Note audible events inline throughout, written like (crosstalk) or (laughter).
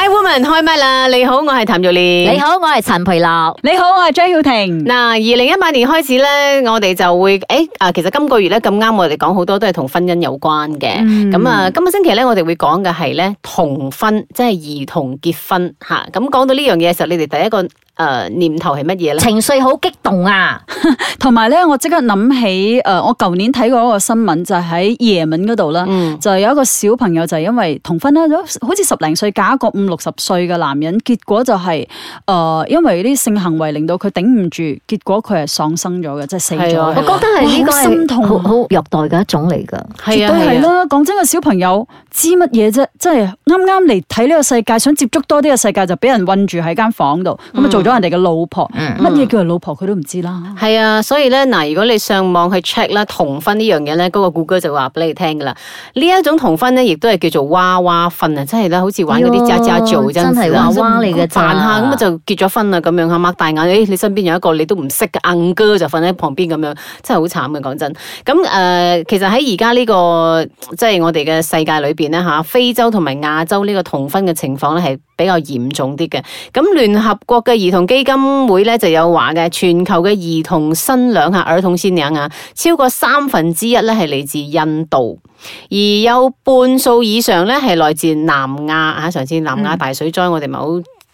Hi, woman，開嘜啦！你好，我係譚玉蓮。你好，我係陳培樂。你好，我係張曉婷。嗱，二零一八年開始咧，我哋就會誒，啊，其實今個月咧咁啱，我哋講好多都係同婚姻有關嘅。咁啊，今個星期咧，我哋會講嘅係咧童婚，即係兒童結婚吓。咁講到呢樣嘢嘅時候，你哋第一個誒念頭係乜嘢咧？情緒好激動啊！同埋咧，我即刻諗起誒，我舊年睇過一個新聞，就喺夜晚嗰度啦，就係有一個小朋友就係因為童婚啦，好似十零歲嫁一個唔～六十歲嘅男人，結果就係、是、誒、呃，因為啲性行為令到佢頂唔住，結果佢係喪生咗嘅，即係死咗。啊啊、我覺得係呢個心痛好虐待嘅一種嚟噶，絕對係啦。講、啊啊、真嘅，小朋友知乜嘢啫？即係啱啱嚟睇呢個世界，想接觸多啲嘅世界，就俾人困住喺間房度，咁啊做咗人哋嘅老婆，乜嘢、嗯、叫做老婆佢都唔知啦。係、嗯嗯、啊，所以咧嗱、呃，如果你上網去 check 啦，童婚呢樣嘢咧，嗰、那個古哥就話俾你聽噶啦，呢一種童婚咧，亦都係叫做娃娃婚啊，即係咧好似玩嗰啲揸揸。真係娃娃嚟嘅仔啊！咁就結咗婚啦，咁樣吓，擘大眼，誒、哎，你身邊有一個你都唔識嘅暗、 (laughs) 嗯、哥就瞓喺旁邊咁樣，真係好慘嘅講真。咁誒、呃，其實喺而家呢個即係、就是、我哋嘅世界裏邊咧吓，非洲同埋亞洲呢個童婚嘅情況咧係比較嚴重啲嘅。咁聯合國嘅兒童基金會咧就有話嘅，全球嘅兒童新娘吓，兒童新娘吓，超過三分之一咧係嚟自印度。而有半數以上呢，係來自南亞。上次、嗯、南亞大水災，我哋咪好。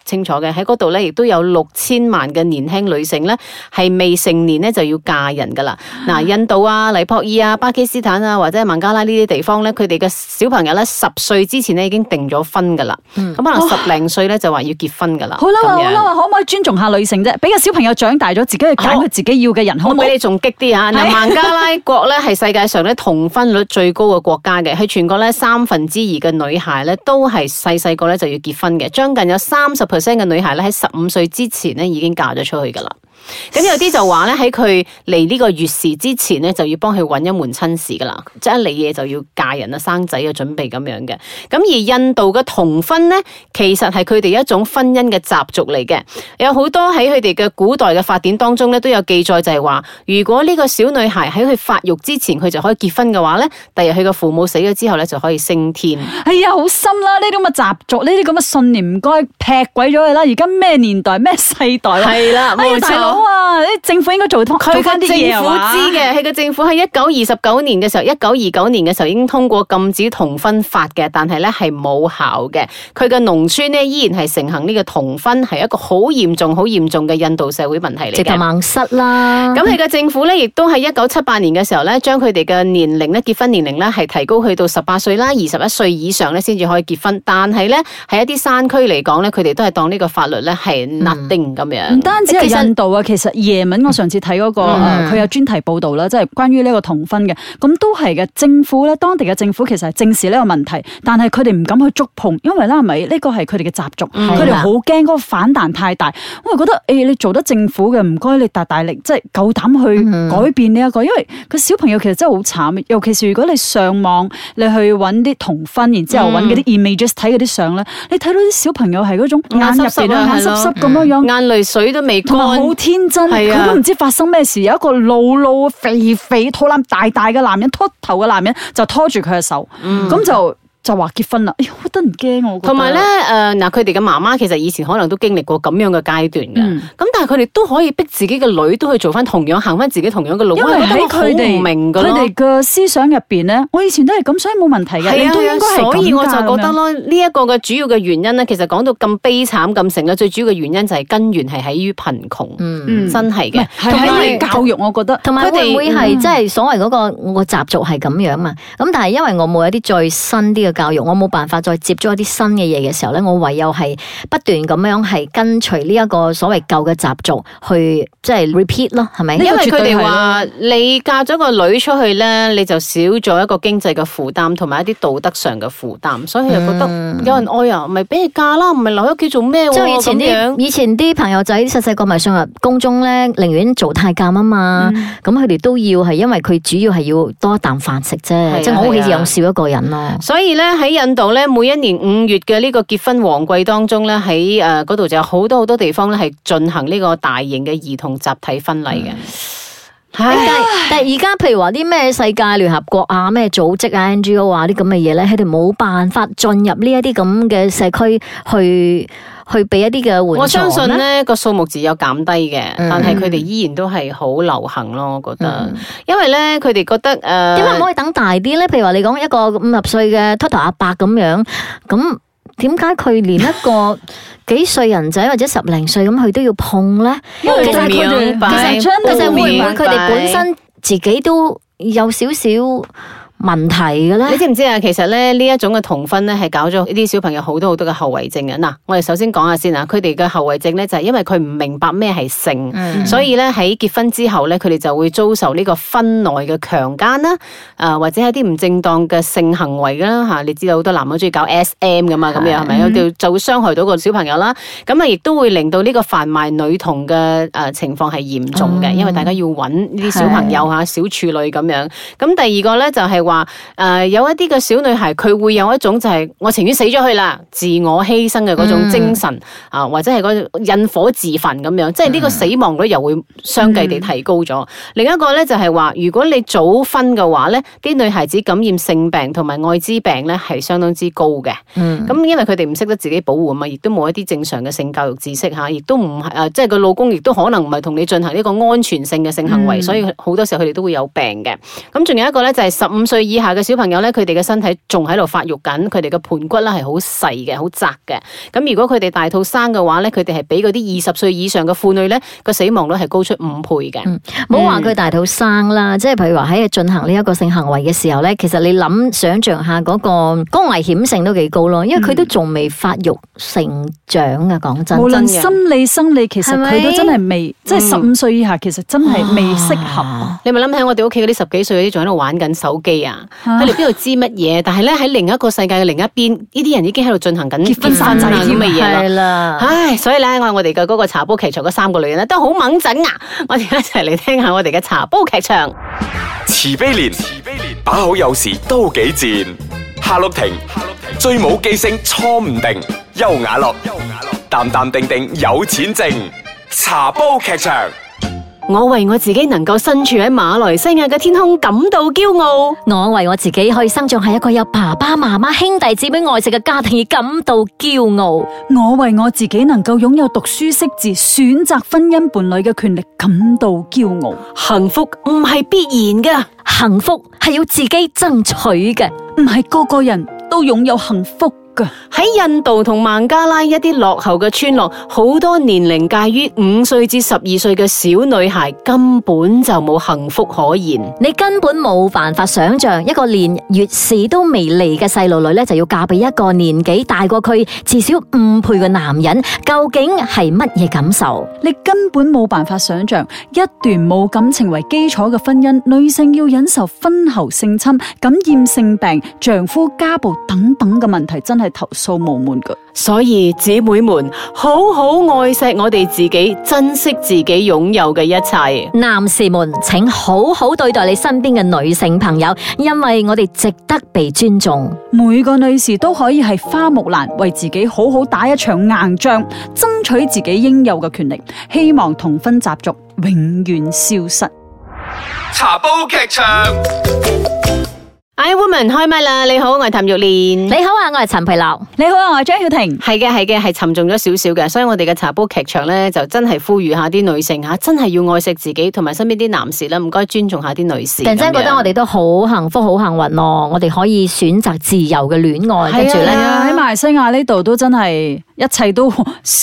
清楚嘅喺嗰度咧，亦都有六千萬嘅年輕女性咧，係未成年咧就要嫁人噶啦。嗱，印度啊、尼泊爾啊、巴基斯坦啊，或者孟加拉呢啲地方咧，佢哋嘅小朋友咧十歲之前咧已經定咗婚噶啦，咁、嗯哦、可能十零歲咧就話要結婚噶啦、哦樣啊。好啦、啊、好啦、啊，可唔可以尊重下女性啫？俾個小朋友長大咗，自己去揀佢自己要嘅人可、哦、好，好。我比你仲激啲啊！嗱，孟加拉國咧係世界上咧童婚率最高嘅國家嘅，喺 (laughs) 全國咧三分之二嘅女孩咧都係細細個咧就要結婚嘅，將近有三十 percent 嘅女孩咧喺十五歲之前咧已經嫁咗出去噶啦。咁有啲就話咧喺佢嚟呢個月時之前咧就要幫佢揾一門親事噶啦，即係嚟嘢就要嫁人啦、生仔嘅準備咁樣嘅。咁而印度嘅童婚咧，其實係佢哋一種婚姻嘅習俗嚟嘅，有好多喺佢哋嘅古代嘅法典當中咧都有記載，就係話如果呢個小女孩喺佢發育之前佢就可以結婚嘅話咧，第日佢嘅父母死咗之後咧就可以升天。哎呀，好深啦！呢啲咁嘅習俗，呢啲咁嘅信念唔該劈鬼咗佢啦！而家咩年代咩世代咯？係啦，冇錯。好政府應該做通做翻啲政府知嘅，佢嘅政府喺一九二十九年嘅時候，一九二九年嘅時候已經通過禁止童婚法嘅，但係咧係冇效嘅。佢嘅農村呢，依然係盛行呢個童婚，係一個好嚴重、好嚴重嘅印度社會問題嚟嘅。直頭盲失啦！咁佢嘅政府咧亦都喺一九七八年嘅時候咧，將佢哋嘅年齡咧結婚年齡咧係提高去到十八歲啦、二十一歲以上咧先至可以結婚。但係咧喺一啲山區嚟講咧，佢哋都係當呢個法律咧係 nothing 咁樣。唔單止係印度啊！其實夜文，我上次睇嗰、那個佢的、呃、有專題報導啦，即係關於呢個童婚嘅，咁都係嘅。政府咧，當地嘅政府其實係正視呢個問題，但係佢哋唔敢去觸碰，因為咧咪呢個係佢哋嘅習俗，佢哋好驚嗰個反彈太大。我又覺得誒、欸，你做得政府嘅，唔該你大大力，即係夠膽去改變呢、這、一個，的因為佢小朋友其實真係好慘。尤其是如果你上網，你去揾啲童婚，然後之後揾嗰啲 images 睇嗰啲相咧，你睇到啲小朋友係嗰種眼濕濕、眼濕濕咁樣樣，的眼淚水都未乾，天真，佢、啊、都唔知發生咩事。有一個老老肥肥、肚腩大大嘅男人，禿頭嘅男人就拖住佢嘅手，咁、嗯、就就話結婚啦。哎呀，真唔驚我覺得。同埋咧，誒嗱、呃，佢哋嘅媽媽其實以前可能都經歷過咁樣嘅階段嘅。咁、嗯。但係佢哋都可以逼自己嘅女都去做翻同樣行翻自己同樣嘅路，因為喺佢哋明佢哋嘅思想入邊咧，我以前都係咁，所以冇問題嘅。係啊的，所以我就覺得咯，呢一個嘅主要嘅原因咧，其實講到咁悲慘咁成嘅，最主要嘅原因就係根源係喺於貧窮，嗯，真係嘅，同埋教育，我覺得同埋佢哋會係即係所謂嗰個我個習俗係咁樣嘛？咁但係因為我冇一啲最新啲嘅教育，我冇辦法再接觸一啲新嘅嘢嘅時候咧，我唯有係不斷咁樣係跟隨呢一個所謂舊嘅習俗去即係 repeat 咯，係咪？因為佢哋話你嫁咗個女出去咧，你就少咗一個經濟嘅負擔，同埋一啲道德上嘅負擔，所以佢又覺得有人愛、嗯、啊，咪俾你嫁啦，唔係留喺屋企做咩？即係以前啲樣以前啲朋友仔細細個咪送入宮中咧，寧願做太監啊嘛。咁佢哋都要係因為佢主要係要多一啖飯食啫，即係我屋企又少一個人咯、啊。所以咧喺印度咧，每一年五月嘅呢個結婚旺季當中咧，喺誒嗰度就有好多好多地方咧係進行呢。呢個大型嘅兒童集體婚禮嘅，但係而家譬如話啲咩世界聯合國啊、咩組織啊、NGO 啊啲咁嘅嘢咧，佢哋冇辦法進入呢一啲咁嘅社區去去俾一啲嘅援助。我相信咧個數目字有減低嘅，嗯、但係佢哋依然都係好流行咯。我覺得，嗯、因為咧佢哋覺得誒，點解唔可以等大啲咧？譬如話你講一個五十歲嘅禿頭阿伯咁樣咁。點解佢連一個幾歲人仔 (laughs) 或者十零歲咁，佢都要碰呢？因為其實佢哋其實會唔會佢哋本身自己都有少少問題嘅咧，你知唔知啊？其實咧呢一種嘅童婚咧係搞咗呢啲小朋友好多好多嘅後遺症嘅。嗱，我哋首先講下先啊，佢哋嘅後遺症咧就係、是、因為佢唔明白咩係性，嗯、所以咧喺結婚之後咧，佢哋就會遭受呢個婚內嘅強姦啦，誒、呃、或者係啲唔正當嘅性行為啦吓、啊。你知道好多男人中意搞 SM 噶嘛，咁樣係咪？有就是、嗯、就會傷害到個小朋友啦。咁啊，亦都會令到呢個販賣女童嘅誒情況係嚴重嘅，嗯、因為大家要搵呢啲小朋友吓小處女咁樣。咁第二個咧就係、是。話誒、呃，有一啲嘅小女孩，佢會有一種就係、是、我情願死咗去啦，自我犧牲嘅嗰種精神、mm hmm. 啊，或者係嗰種引火自焚咁樣，即係呢個死亡率又會相繼地提高咗。Mm hmm. 另一個咧就係、是、話，如果你早婚嘅話咧，啲女孩子感染性病同埋艾滋病咧係相當之高嘅。嗯、mm，咁、hmm. 因為佢哋唔識得自己保護啊嘛，亦都冇一啲正常嘅性教育知識吓，亦都唔係誒，即係個老公亦都可能唔係同你進行呢個安全性嘅性行為，mm hmm. 所以好多時候佢哋都會有病嘅。咁仲有一個咧就係十五歲。對以下嘅小朋友咧，佢哋嘅身體仲喺度發育緊，佢哋嘅盆骨咧係好細嘅，好窄嘅。咁如果佢哋大肚生嘅話咧，佢哋係比嗰啲二十歲以上嘅婦女咧個死亡率係高出五倍嘅。唔好話佢大肚生啦，即係譬如話喺進行呢一個性行為嘅時候咧，其實你諗想象下嗰個危險性都幾高咯，因為佢都仲未發育成長嘅。講真，無論心理生理，其實佢都真係未，即係十五歲以下，嗯、其實真係未適合。嗯啊、你咪諗喺我哋屋企嗰啲十幾歲嗰啲，仲喺度玩緊手機。佢哋邊度知乜嘢？但係咧，喺另一個世界嘅另一邊，呢啲人已經喺度進行緊結婚生仔咁乜嘢啦，了唉，所以咧，我我哋嘅嗰個茶煲奇才嗰三個女人咧，都好猛整啊！我哋一齊嚟聽下我哋嘅茶煲劇場。慈悲蓮，慈悲蓮，把口有時都幾賤。夏綠庭，夏綠庭，追舞機聲錯唔定。優雅樂，優雅樂，淡淡定定有錢剩。茶煲劇場。我為我自己能夠身處喺馬來西亞嘅天空感到驕傲。我為我自己可以生長喺一個有爸爸媽媽兄弟姐妹外戚嘅家庭而感到驕傲。我為我自己能夠擁有讀書識字、選擇婚姻伴侶嘅權利感到驕傲。幸福唔係必然嘅，幸福係要自己爭取嘅，唔係個個人都擁有幸福。喺印度同孟加拉一啲落後嘅村落，好多年齡介於五歲至十二歲嘅小女孩根本就冇幸福可言。你根本冇辦法想象一個連月事都未嚟嘅細路女咧，就要嫁俾一個年紀大過佢至少五倍嘅男人，究竟係乜嘢感受？你根本冇辦法想象一段冇感情為基礎嘅婚姻，女性要忍受婚後性侵、感染性病、丈夫家暴等等嘅問題，真係～投訴無門噶，所以姊妹們好好愛錫我哋自己，珍惜自己擁有嘅一切。男士們，請好好對待你身邊嘅女性朋友，因為我哋值得被尊重。每個女士都可以係花木蘭，為自己好好打一場硬仗，爭取自己應有嘅權力。希望童婚習俗永遠消失。茶煲劇場。h Hi woman 開唛啦！你好，我係譚玉蓮。你好啊，我係陳皮流。你好啊，我係張曉婷。係嘅，係嘅，係沉重咗少少嘅，所以我哋嘅茶煲劇場呢，就真係呼籲下啲女性、啊、真係要愛惜自己同埋身邊啲男士啦，唔、啊、該尊重一下啲女士。突然之間覺得我哋都好幸福、好幸運咯，我哋可以選擇自由嘅戀愛。係啊的，喺馬來西亞呢度都真係。一切都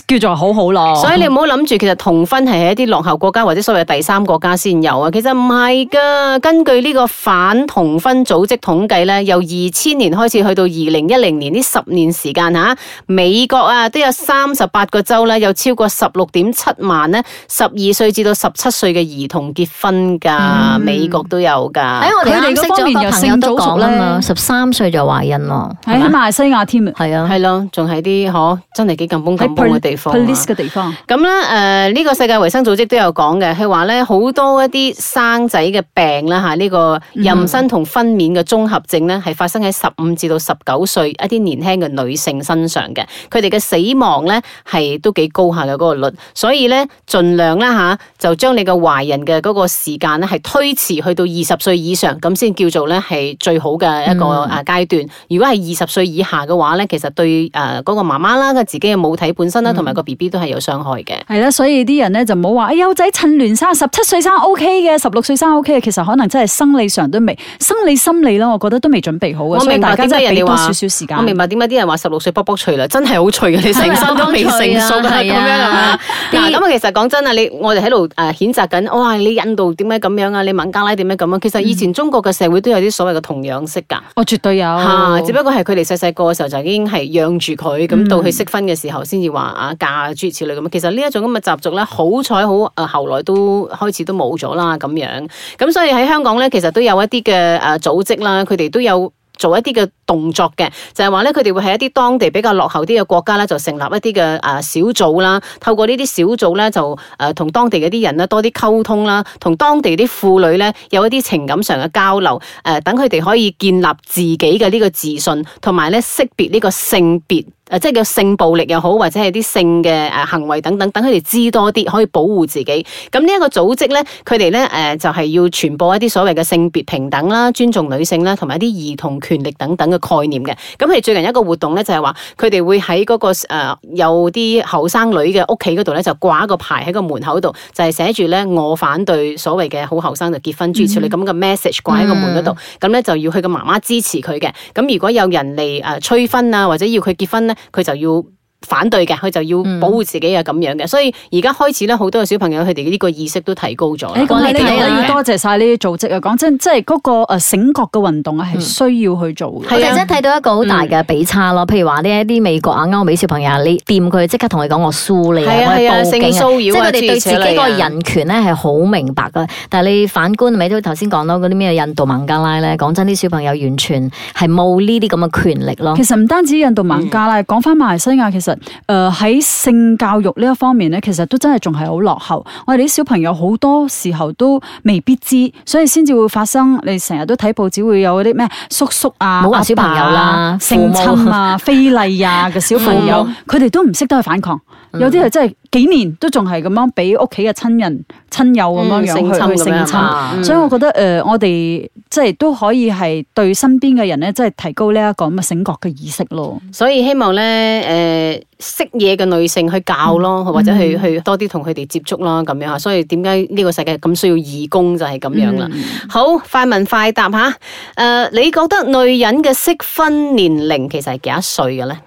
叫做好好咯，所以你唔好諗住，其實童婚係喺一啲落後國家或者所謂第三國家先有啊。其實唔係噶，根據呢個反童婚組織統計咧，由二千年開始去到二零一零年呢十年時間吓，美國啊都有三十八個州咧，有超過十六點七萬咧，十二歲至到十七歲嘅兒童結婚噶，美國都有噶。喺我哋啱先個朋友都講啦嘛，十三歲就懷孕咯，喺馬來西亞添啊，係啊，係咯，仲係啲嗬。嚟幾咁風咁暴嘅地方，咁咧誒呢個世界衞生組織都有講嘅，佢話咧好多一啲生仔嘅病啦嚇，呢、這個妊娠同分娩嘅綜合症咧，係、嗯、發生喺十五至到十九歲一啲年輕嘅女性身上嘅，佢哋嘅死亡咧係都幾高下嘅嗰、那個率，所以咧儘量啦嚇、啊、就將你嘅懷孕嘅嗰個時間咧係推遲去到二十歲以上，咁先叫做咧係最好嘅一個啊階段。嗯、如果係二十歲以下嘅話咧，其實對誒嗰、呃那個媽媽啦。自己嘅母體本身啦，同埋個 B B 都係有傷害嘅。係啦、嗯，所以啲人咧就唔好話，有仔趁亂生，十七歲生 O K 嘅，十、okay、六歲生 O K 嘅，其實可能真係生理上都未生理心理咯，我覺得都未準備好，我明白大家真點解啲人話少少時間，我明白點解啲人話十六歲卜卜脆啦，真係好脆嘅。你成身都未成熟，係啊，咁啊，其實講真啊，你我哋喺度誒譴責緊，哇！你印度點解咁樣啊？你孟加拉點樣咁啊？其實以前中國嘅社會都有啲所謂嘅童養媳㗎。我、嗯嗯哦、絕對有、啊、只不過係佢哋細細個嘅時候就已經係養住佢，咁到佢識婚嘅時候先至話啊嫁，諸如此類咁，其實呢一種咁嘅習俗咧，好彩好誒，後來都開始都冇咗啦咁樣。咁、啊、所以喺香港咧，其實都有一啲嘅誒組織啦，佢哋都有做一啲嘅。動作嘅就係話咧，佢哋會喺一啲當地比較落後啲嘅國家咧，就成立一啲嘅誒小組啦。透過呢啲小組咧，就誒同當地嘅啲人咧多啲溝通啦，同當地啲婦女咧有一啲情感上嘅交流。誒，等佢哋可以建立自己嘅呢個自信，同埋咧識別呢個性別，誒即係叫性暴力又好，或者係啲性嘅誒行為等等。等佢哋知多啲，可以保護自己。咁呢一個組織咧，佢哋咧誒就係要傳播一啲所謂嘅性別平等啦、尊重女性啦，同埋一啲兒童權利等等嘅概念嘅，咁佢最近一個活動咧就係話，佢哋會喺嗰、那個、呃、有啲後生女嘅屋企嗰度咧，就掛一個牌喺個門口度，就係、是、寫住咧我反對所謂嘅好後生就結婚，諸如此類咁嘅 message 掛喺個門度，咁咧、嗯、就要佢嘅媽媽支持佢嘅。咁如果有人嚟誒催婚啊，或者要佢結婚咧，佢就要。反對嘅，佢就要保護自己啊咁、嗯、樣嘅，所以而家開始咧，好多嘅小朋友佢哋呢個意識都提高咗。誒、哎，咁你都要多謝晒呢啲組織啊！講真，即係嗰個、呃、醒覺嘅運動啊，係需要去做嘅。我哋真睇到一個好大嘅比差咯，譬如話呢一啲美國啊歐美小朋友，你掂佢即刻同佢講我疏你啊，我、啊、報警，性騷擾啊，即係佢哋對自己嗰個人權咧係好明白嘅。但係你反觀咪都頭先講到嗰啲咩印度孟加拉咧，講真啲小朋友完全係冇呢啲咁嘅權力咯。嗯、其實唔單止印度孟加拉，講返馬來西亞其實。誒，喺、呃、性教育呢一方面咧，其實都真係仲係好落後。我哋啲小朋友好多時候都未必知，所以先至會發生。你成日都睇報紙會有嗰啲咩叔叔啊，冇話小朋友啦，爸爸母性侵啊、 (laughs) 非禮啊嘅小朋友，佢哋、 (laughs) 嗯、都唔識得去反抗。有啲係真係幾年都仲係咁樣俾屋企嘅親人、親友咁樣、嗯、性侵、性侵，嗯、所以我覺得誒、呃，我哋即係都可以係對身邊嘅人咧，即係提高呢一個咁嘅醒覺嘅意識咯。所以希望咧，誒、呃、識嘢嘅女性去教咯，嗯、或者去去多啲同佢哋接觸咯，咁樣吓。所以點解呢個世界咁需要義工就係咁樣啦。嗯、好，快問快答吓，誒、呃，你覺得女人嘅適婚年齡其實係幾多歲嘅咧？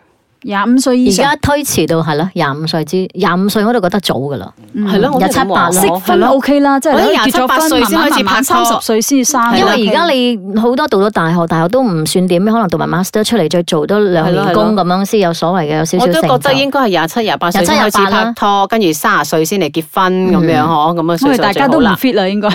廿五歲，而家推遲到係咯，廿五歲之廿五歲，我都覺得早噶啦，係咯，廿七八啦，係咯，O K 啦，即係廿七八歲先開始拍三十歲先生，因為而家你好多讀咗大學，大學都唔算點，可能讀埋 master 出嚟，再做多兩年工咁樣先有所謂嘅有少少成就，應該係廿七廿八歲先開始拍拖，跟住三十歲先嚟結婚咁樣呵，咁啊，所以大家都唔 fit 啦，應該。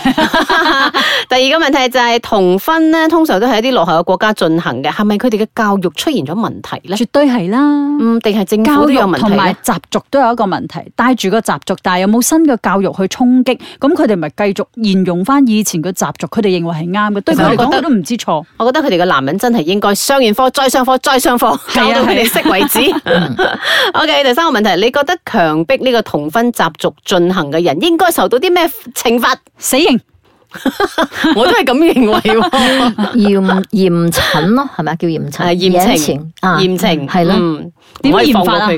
第二個問題就係童婚咧，通常都係一啲落後嘅國家進行嘅，係咪佢哋嘅教育出現咗問題咧？絕對係啦。嗯，定係政府同埋習俗都有一個問題，帶住個習俗，但係又冇新嘅教育去衝擊，咁佢哋咪繼續沿用翻以前嘅習俗，佢哋認為係啱嘅。對佢哋講，我都唔知錯。我覺得佢哋嘅男人真係應該上完課，再上課，再上課，教的到佢哋識為止。 (laughs) (laughs) o、okay, K，第三個問題，你覺得強迫呢個童婚習俗進行嘅人應該受到啲咩懲罰？死刑？ (laughs) 我都係咁認為、啊， (laughs) 驗驗診咯，係咪情情啊？叫驗診，驗情啊，驗情係咯，點驗法啊？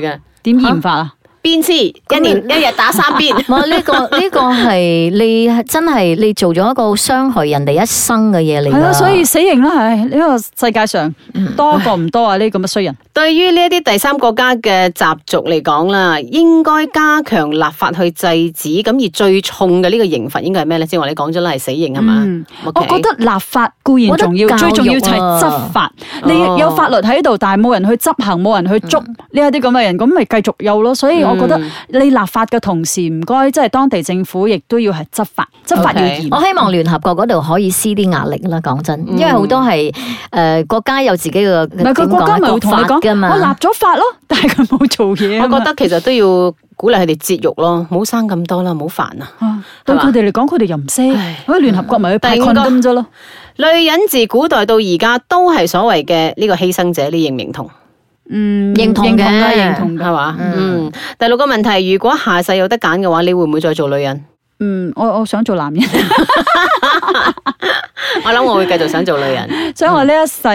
點驗法啊？鞭一年一日打三鞭，呢、 (laughs) (laughs) 這個呢、這個係你真係你做咗一個傷害人哋一生嘅嘢嚟。係咯、啊，所以死刑啦，係呢、這個世界上、嗯、多過唔多啊！呢啲咁嘅衰人。對於呢一啲第三國家嘅習俗嚟講啦，應該加強立法去制止。咁而最重嘅呢個刑罰應該係咩咧？先話你哋講咗啦，係死刑啊嘛？嗯、Okay? 我覺得立法固然重要，啊、最重要就係執法。哦、你有法律喺度，但係冇人去執行，冇人去捉呢一啲咁嘅人，咁咪繼續有咯。所以我覺得你立法嘅同時，唔該，即係當地政府亦都要係執法，執法要嚴。Okay. 我希望聯合國嗰度可以施啲壓力啦。講真，因為好多係誒、呃、國家有自己嘅唔係個國家冇同你講噶嘛，說我立咗法咯，但係佢冇做嘢。我覺得其實都要鼓勵佢哋節育咯，唔好生咁多啦，唔好煩啊。吧對佢哋嚟講，佢哋又唔識，所唉以聯合國咪去派 condoms 咯。女、那個、人自古代到而家都係所謂嘅呢個犧牲者，你認唔認同？嗯，認同嘅，認同嘅，係嘛？嗯，第六個問題，如果下世有得揀嘅話，你會唔會再做女人？嗯，我我想做男人， (laughs) (laughs) 我諗我會繼續想做女人。所以我呢一世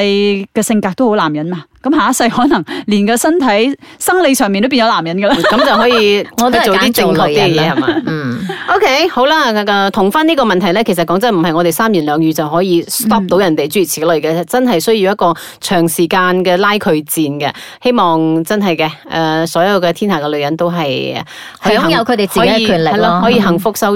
嘅性格都好男人嘛，咁下一世可能連個身體生理上面都變咗男人噶啦，咁 (laughs) 就可以我哋做啲正確嘅嘢係嘛。吧 (laughs) 嗯，OK，好啦，個、呃、個童婚呢個問題咧，其實講真唔係我哋三言兩語就可以 stop 到人哋諸如此類嘅，嗯、真係需要一個長時間嘅拉鋸戰嘅。希望真係嘅，誒、呃，所有嘅天下嘅女人都係係享有佢哋自己嘅權利咯以、嗯，可以幸福收。